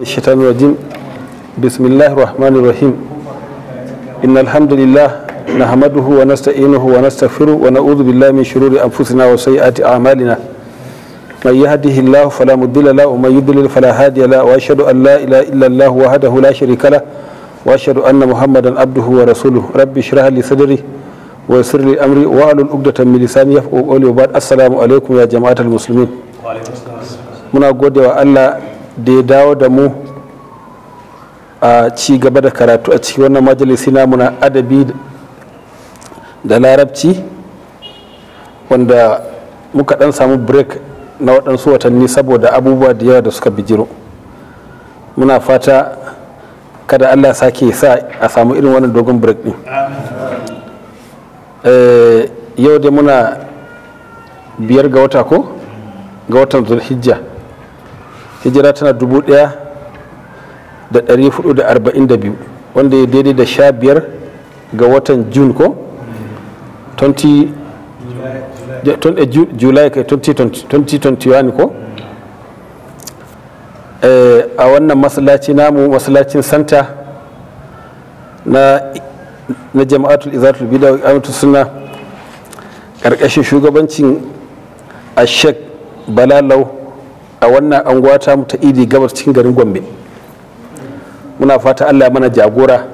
الشيطان الرجيم بسم الله الرحمن الرحيم إن الحمد لله نحمده ونستعينه ونستغفره ونعوذ بالله من شرور أنفسنا وسيئات أعمالنا من يهده الله فلا مضل له ومن يضلل فلا هادي له وأشهد أن لا إله إلا الله وحده لا شريك له وأشهد أن محمدا عبده ورسوله رب اشرح لي صدري ويسر لي أمري وأعلن عقدة من لساني يفقهوا قولي وبعد السلام عليكم يا جماعة المسلمين وعليكم السلام muna godewa Allah da ya dawo da mu a ci gaba da karatu a ciki wannan majalisi namu na adabi da larabci wanda muka dan samu break na waɗansu watanni saboda abubuwa da yawa da suka bijiro muna fata kada allah sake sa a samu irin wannan dogon break din eh, yau dai muna biyar ga wata ko ga watan zulhijja hijira tana dubu daya da dari hudu da arba'in da biyu wanda ya daidai da sha biyar ga watan jun ko 20 eh, july 2021 ko eh, a wannan masallaci namu masallacin santa na jama'atul izatul bida wa amatu sunna karkashin shugabancin ashek balalau a wannan anguwa ta mu ta idi gabas cikin garin gombe muna fata allah mana jagora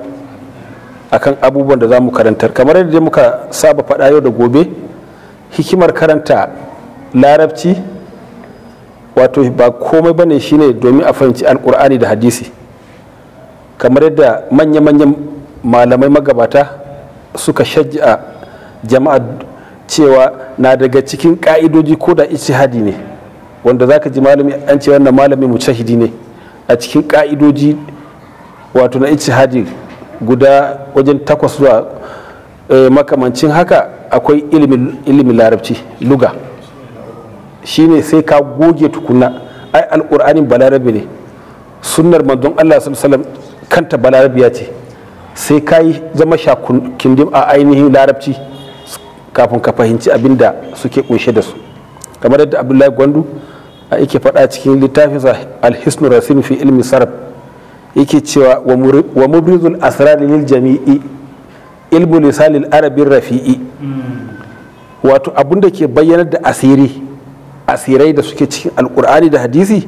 akan abubuwan da za mu karantar kamar yadda muka saba faɗa yau da gobe hikimar karanta larabci wato ba komai ba ne shine domin a fahimci alkur'ani da hadisi kamar yadda manya-manyan malamai magabata suka a jama'a cewa na daga cikin ka'idoji ko da ne wanda za ka ji malami an ce wannan malami mujtahidi ne a cikin ka'idoji wato na ijtihadi guda wajen takwas zuwa eh, makamancin haka akwai ilimin larabci luga shine sai ka goge tukuna ai alƙur'anin balarabi ne sunnar manzon Allah sallallahu kanta ya ce sai ka yi zama kundin a ainihin larabci kafin ka fahimci abinda suke kunshe da su kamar yadda abdullahi gwandu A yake faɗa cikin littafinsa alhisnu rasin fi ilmi sarf yake cewa wa mubrizul asrar lil jami'i ilmu lisanil arabin rafi'i wato abun da ke bayyanar da asiri asirai da suke cikin alkur'ani da hadisi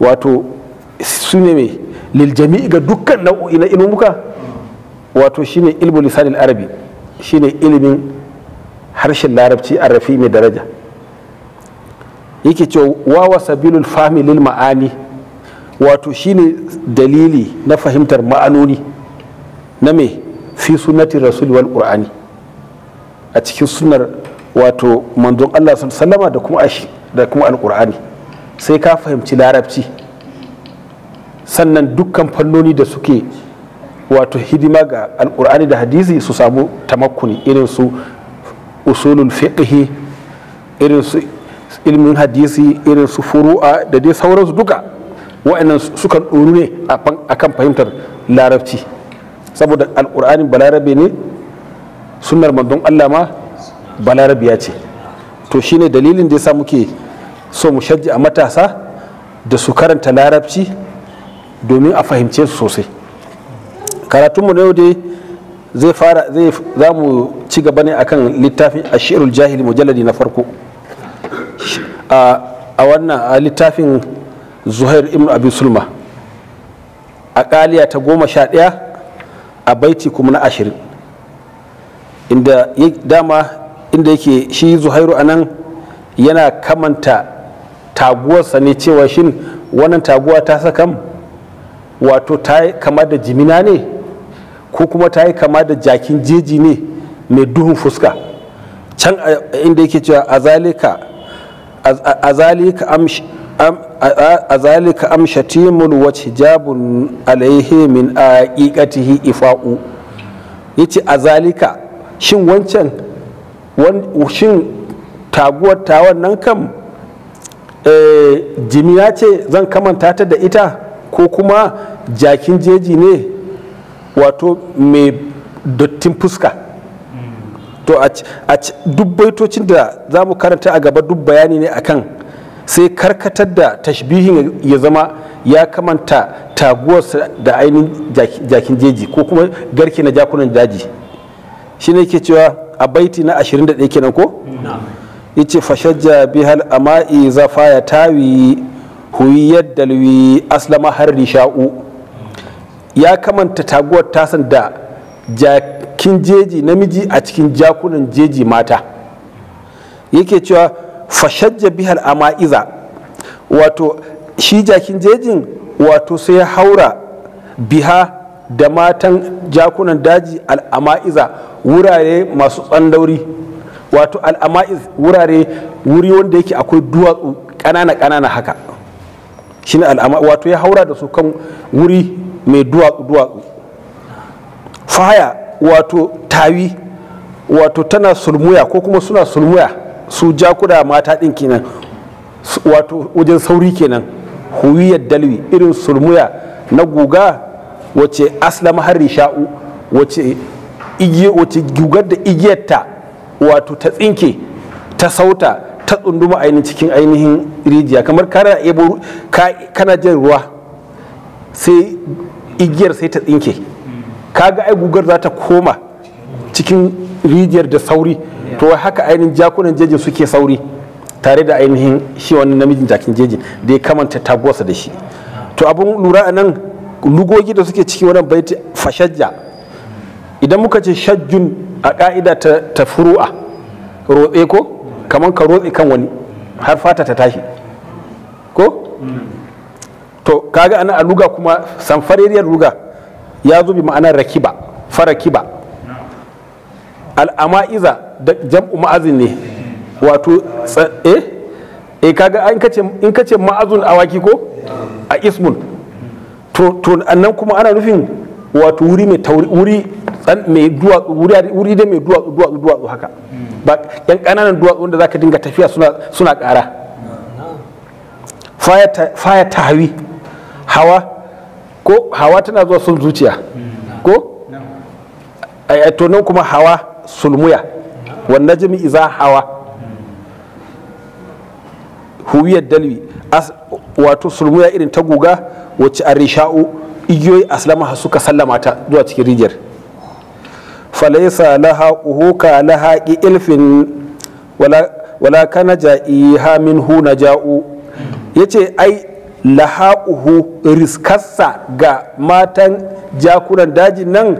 wato su ne mai lil jami'i ga dukkan nau'o'i na ilmuka wato shine ilmu lisanil arabi shine ilimin harshen larabci rafi mai daraja yake ce wawa sabilul familin ma'ani wato shine dalili na fahimtar ma'anoni na me fi sunnati rasul wal qur'ani a cikin sunar wato manzon Allah sallama da kuma ashi da kuma alqur'ani sai ka fahimci larabci sannan dukkan fannoni da suke wato hidima ga alqur'ani da hadisi su samu tamakkuni irin su usulul fiqhi irin su ilimin hadisi irin su furu'a da dai sauransu duka wa'annan sukan ɗoru ne a kan fahimtar larabci saboda alƙur'ani balarabe ne sunar mandon allah ma balarabiya ce to shine dalilin da ya sa muke so mu shajji a matasa da su karanta larabci domin a fahimce su sosai karatunmu na yau dai zai fara zai za mu ci gaba ne akan littafin ashirul jahili mujalladi na farko a wannan a littafin zuhair ibn abi sulma a kaliya ta goma sha ɗaya a baiti kuma na ashirin inda dama inda yake shi zuhairu anan yana kamanta taguwarsa ne cewa shin wannan taguwa ta sakam wato ta yi kama da jimina ne ko kuma ta yi kama da jakin jeji ne mai duhun fuska can inda yake cewa a zalika azalika zalika azalika amshatimul wa alaihi min aqiqatihi ifa'u yace azalika shin wancan shin taguwar ta wannan kam eh, jimiya ce zan kamanta ta da ita ko kuma jakin jeji ne wato mai dattin fuska to a dubbaitocin baitocin da za mu karanta a gaba duk bayani ne akan sai karkatar da tashbihin ya zama ya kamanta taguwarsa da ainihin jakin jeji ko kuma garke na jakunan daji shi ne ke cewa a baiti na 21 kenan ko? ya ce fashajja bihal ama'i zafa ya tawi yadda dalwi aslama har risha'u ya kamanta taguwar tasan da cikin jeji namiji a cikin jakunan jeji mata yake cewa fashajja bihal ama'iza wato shi jakin jejin wato sai ya haura biha da matan jakunan daji al'ama'iza wurare masu tsandauri wato al'ama'iz wurare wuri wanda yake akwai duwatsu kanana kanana haka shine al'ama wato ya haura da su kan wuri mai duwatsu duwatsu fahaya wato tawi wato tana sulmuya ko kuma suna sulmuya su jakuda mata ɗin kenan wato wajen sauri kenan huwiyar dalwi irin sulmuya na guga wace aslam har sha'u wace gugar da igiyarta wato ta tsinke ta sauta ta tsunduma ainihin cikin ainihin rijiya kamar kana jin ruwa sai igiyar sai ta tsinke kaga ai gugar za ta koma cikin rijiyar da sauri to haka ainihin jakunan jejin suke sauri tare da ainihin shi wani namijin jakin jejin da ya kamanta taguwarsa da shi to abun lura a nan lugogi da suke ciki wannan baiti fashajja idan muka ce shajjun a ka'ida ta, ta furu'a rotse ko kamar ka rotse kan wani har fata ta tashi ko mm. to kaga ana a luga kuma samfariyar luga ya zo bi ma'anar rakiba farakiba al'ama'iza da jam'u ma'azin ne wato tsaye e eh? eh, kaga in kace ma'azin ma'azun awaki ko a ismun to to annan kuma ana nufin wato wuri mai tauri wuri mai duwatsu wuri da mai duwatsu duwatsu duwatsu haka ba yan kananan duwatsu wanda zaka dinga tafiya suna kara ƙara faya ta hawi hawa ko hawa tana zuwa sun zuciya ko a nan kuma hawa sulmuya wan najmi iza hawa huwiyar dalwi wato sulmuya irin ta guga wacce a risha'u igiyoyi aslama suka sallama ta zuwa cikin rijiyar falaisa laha uhuka laha ki ilfin wala kana ja'iha min hu na ja'u Ya ce ai lahauhu riskarsa ga matan jakunan dajin nan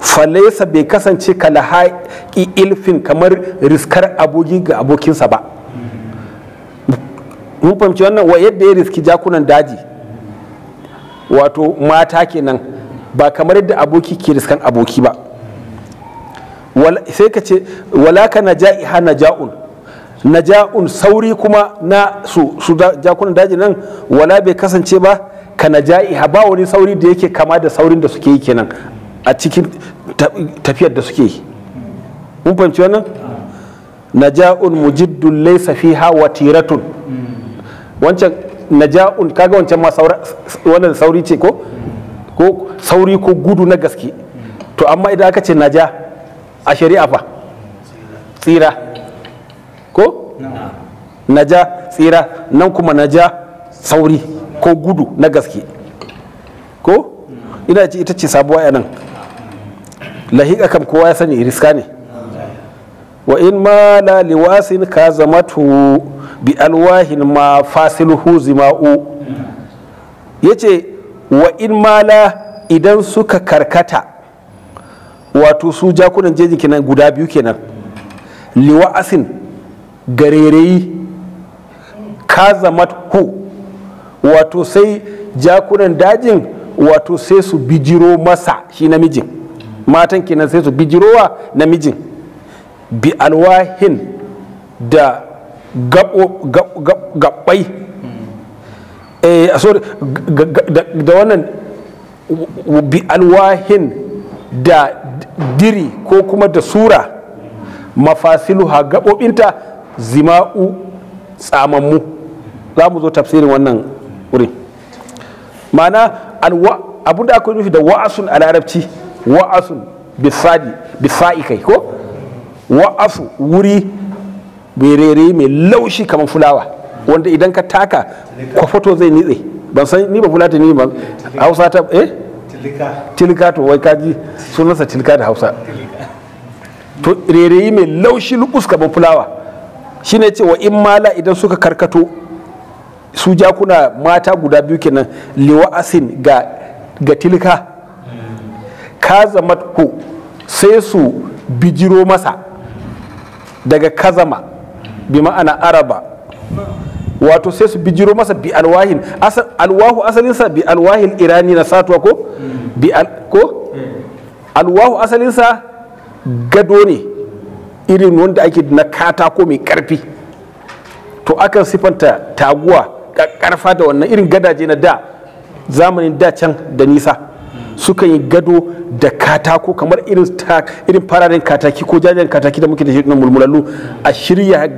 falesa bai kasance ka lahaƙi ilfin kamar riskar aboki ga abokinsa ba mun fahimci wannan wa yadda ya riski jakunan daji wato mata kenan ba kamar yadda aboki ke riskan aboki ba sai ka ce wala ka na ha na ja'un naja'un sauri kuma na su, su da, jakunan daji nan wala bai kasance ba ka na ja'i ba wani sauri da yake kama da saurin da suke yi kenan a cikin tafiyar da suke yi mun fahimci wannan naja'un mujiddun laysa fiha tiratun wancan naja'un kaga wancan ma wannan sauri ce ko ko sauri ko gudu na gaske to amma idan aka ce na ja a shari'a fa tsira ko na ja tsira nan kuma na ja sauri ko gudu na gaske ko ina ji ita ce sabuwa yanan lahiƙa kam kowa ya sani riska ne wa in ma la liwasin ka zamatu bi alwahin ma fasiluhu zima'u ce wa in ma la idan suka karkata wato su jakunan jejin kenan guda biyu kenan liwasin garereyi kazamat hu wato sai jakunan dajin wato sai su bijiro masa shi namijin matan kenan sai su bijirowa namijin bi alwahin da gabbai eh, da wannan bi alwahin da diri ko kuma da sura mafasiluha gaɓoɓinta zima'u tsamammu za mu zo tafsirin wannan wurin ma'ana abinda aka nufi da wa'asun a larabci wa'asun bisa'i kai ko wa'asu wuri berere mai laushi kamar fulawa wanda idan ka taka kwafoto zai nitse ban san ni ba fulata ni ba hausa ta eh tilika to wai kaji sunansa tilika da hausa to rere mai laushi lukus kamar fulawa shine ce wa in mala idan suka karkato su jakuna mata guda biyu kenan asin ga ga tilka kazamat ku sai su bijiro masa daga kazama bi ma'ana araba wato sai su bijiro masa bi alwahin Asal, alwahu asalinsa bi alwahin irani na satuwa ko bi al, ko hmm. alwahu asalinsa gado ne irin wanda ake na katako mai karfi to akan sifanta taguwa karfa da wannan irin gadaje na da zamanin da can da nisa suka yi gado da katako kamar irin fararen kataki ko jajen kataki da muke da shirin mulmulallu a shirya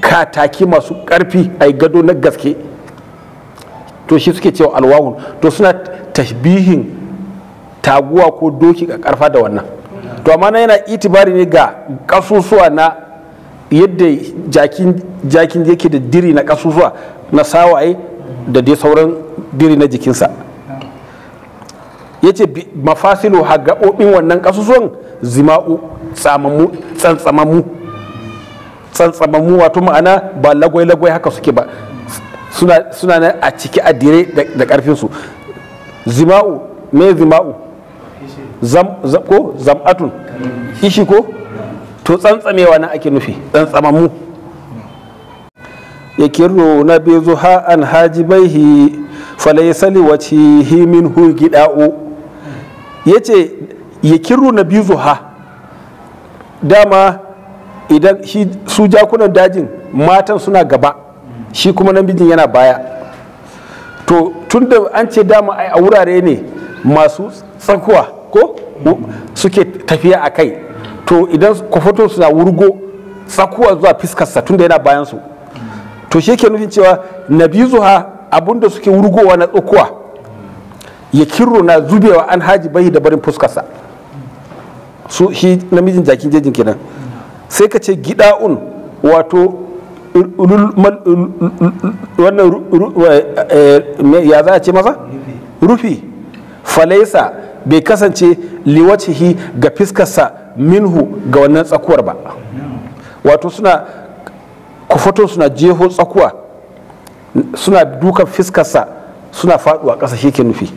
kataki masu karfi a gado na gaske to shi suke cewa alwahun to suna tashbihin taguwa ko doki a karfa da wannan to amma na yana itibari ne ga kasusuwa na yadda jakin yake da diri na kasusuwa na sawaye da dai sauran diri na jikinsa yace ce mafasilu ha gaɓoɓin wannan kasusuwan zima'u tsantsamamu tsantsamamu wato ma'ana ba lagwai-lagwai haka suke ba suna na a ciki a dire da ƙarfinsu zima'u me zima'u ko zam'atun ishi ko to tsantsamewa na ake nufi tsantsamamu ya kirro na bezo ha an haji baihi falaisa wace himin hu gida'u ya ce ya kirro na bezo ha dama idan su jakunan dajin matan suna gaba shi kuma namijin yana baya to tunda an ce dama a wurare ne masu tsakuwa ko suke tafiya a kai to idan kwafato su na wurgo tsakuwa zuwa fiskarsa tunda yana bayan su to shi ke nufin cewa na zuha abinda suke wurgowa na tsokuwa ya kirro na zubewa an haji bai da barin fuskarsa su shi namijin jakin jejin kenan sai ka ce gida'un wato wannan eh, eh, ya za a ce masa rufi falaisa bai kasance liwacihi ga fiskarsa minhu ga wannan tsakuwar ba wato suna kufato suna jeho tsakuwa suna dukan fiskarsa suna faduwa ƙasa shi ke nufi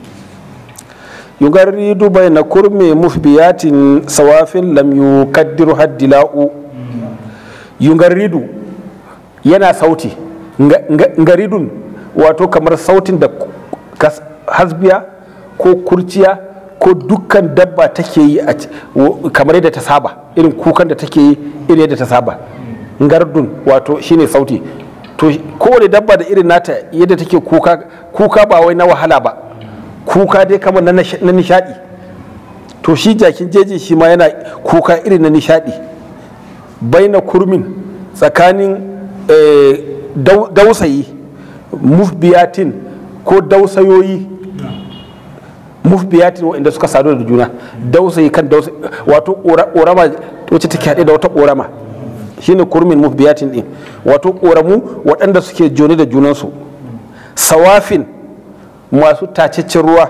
yugaridu bai na kurme mufbiyatin sawafin lam yukaddiru haddila'u yugaridu yana sauti ngaridun wato kamar sautin da hasbiya ko kurciya ko dukkan dabba take yi kamar yadda ta saba irin kukan da take yi irin yadda ta saba gardun wato shine sauti to kowane dabba da irin nata yadda take kuka kuka ba wai na wahala ba kuka dai kamar na nishadi to shi jakin jeji shi ma yana kuka irin na nishadi baina kurmin tsakanin eh, dausayi mufbiyatin ko dausayoyi mufbiyatin inda suka sadu da juna dausayi kan dausayi wato ƙorama wacce take haɗe da wata ƙorama shine kurmin mufbiyatin din wato ƙoramu waɗanda suke joni da junansu sawafin masu tacaccen ruwa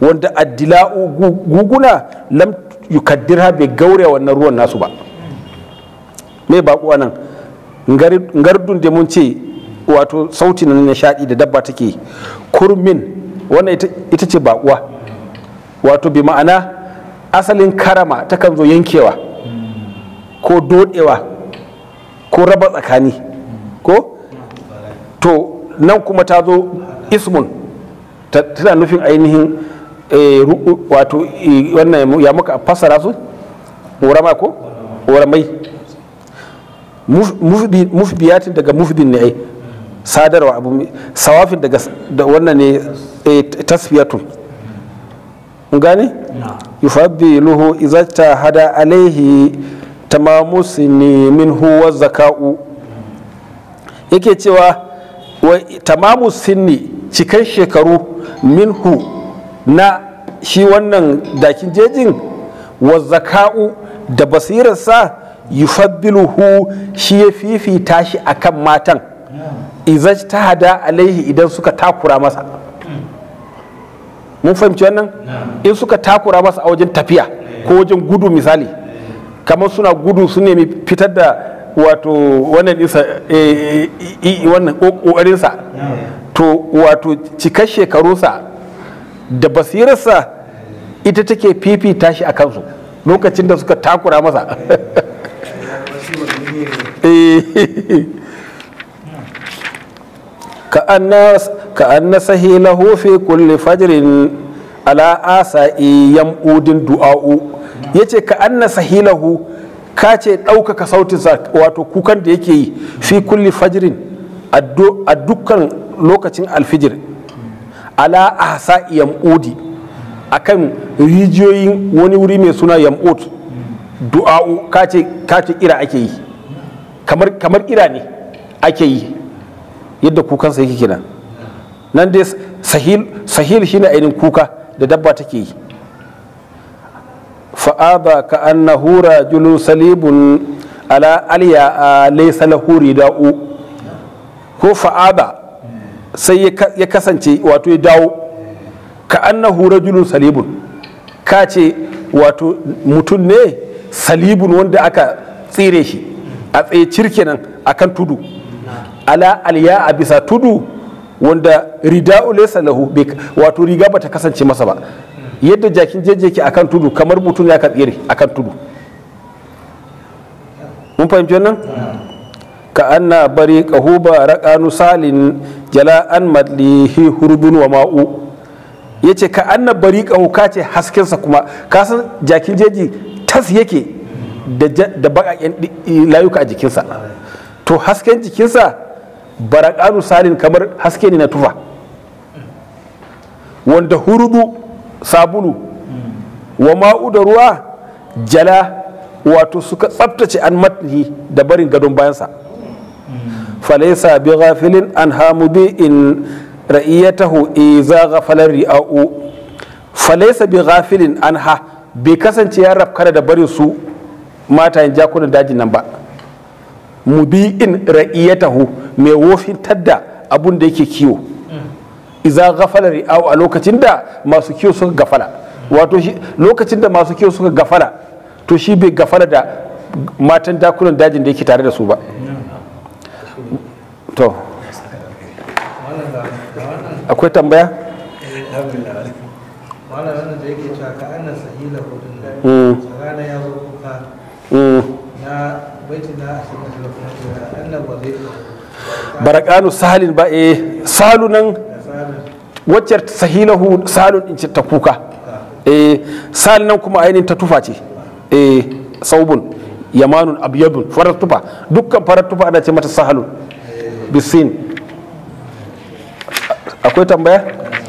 wanda addila'u guguna lam yukaddirha bai gaure wannan ruwan nasu ba me baƙo nan ngardun da mun ce wato sautin na nishaɗi da dabba take kurmin wannan ita ce baƙuwa wato bi ma'ana asalin karama takan zo yankewa ko dodewa ko raba tsakani ko to nan kuma ta zo ismun tana nufin ainihin eh, wato eh, wannan ya muka fassara su ƙorama ko ƙoramai mufbiyatin daga mufbin ne sadarwa abu sawafin daga da wannan ne eh, tasfiyatun mun gane yufabbiluhu idza hada alaihi tamamus ni minhu wa zaka'u yake cewa wa tamamu sinni cikan shekaru minhu na shi wannan dakin jejin wa zaka'u da basirarsa yufabbiluhu shi ya fifita shi akan matan izaj ta hada alaihi idan suka takura masa mun fahimci wannan in suka takura masa a wajen tafiya ko wajen gudu misali kamar suna gudu su nemi fitar da wato wannan isa eh, eh, eh, wannan ƙoƙarinsa to wato cikar shekarunsa da basirarsa ita take fifita shi a kansu lokacin da suka takura masa كأن كأن سهيله duau كل فجر على آسا يمؤد دعاء يتي كأن سهيله kace ɗaukaka sa wato kukan da yake yi fi kulle fajirin a dukkan lokacin alfijir ala ahsa A akan rijiyoyin wani wuri mai suna yam'ud du'a'u kace ira ake yi kamar ira ne ake yi yadda kukansa yake kenan nan dai sahil sahil shine ainin kuka da dabba take yi aba ka annahu rajulun salibun ala aliya laysa lahu rida'u ko aba sai ya kasance wato ya dawo ka annahu rajulun salibun ka ce wato mutum ne salibun wanda aka tsire shi a tsaye cirkenan akan tudu ala Aliya, a bisa tudu wanda rida ulesa lahu wato riga bata kasance masa ba yadda jakin jeje ke akan tudu kamar mutum ya katsire akan tudu mun fahimci wannan ka anna bari kahuba raqanu salin jala an madlihi hurbun wa ma'u yace ka anna bari kahu kace ce hasken sa kuma ka san jakin jeji tas yake da baƙaƙen layuka a jikinsa to hasken jikinsa barakanu salin kamar haske ne na tufa wanda hurudu sabulu wa ma'u da ruwa jala wato suka tsabtace an matni da barin gadon bayansa falaisa bi ghafilin an bi in ra'iyatahu iza ghafalar ri'a'u falaisa bi ghafilin an ha bai kasance ya rafkana da barin su matayin jakunan dajin nan ba mubi'in ra'iyatahu mai wofintar da abun da yake kiwo iza gafala ri'au a lokacin da masu kiwo suka gafala wato lokacin da masu kiwo suka gafala to shi bai gafala da matan dakunan dajin da yake tare da su ba to akwai tambaya Mm. barakanu sahalin ba e salu nan wacce sahilahu salun in ce ta kuka e sal nan kuma ainihin ta tufa ce e saubun yamanun abyadun farar tufa dukkan farar tufa ana ce mata sahalun bisin akwai tambaya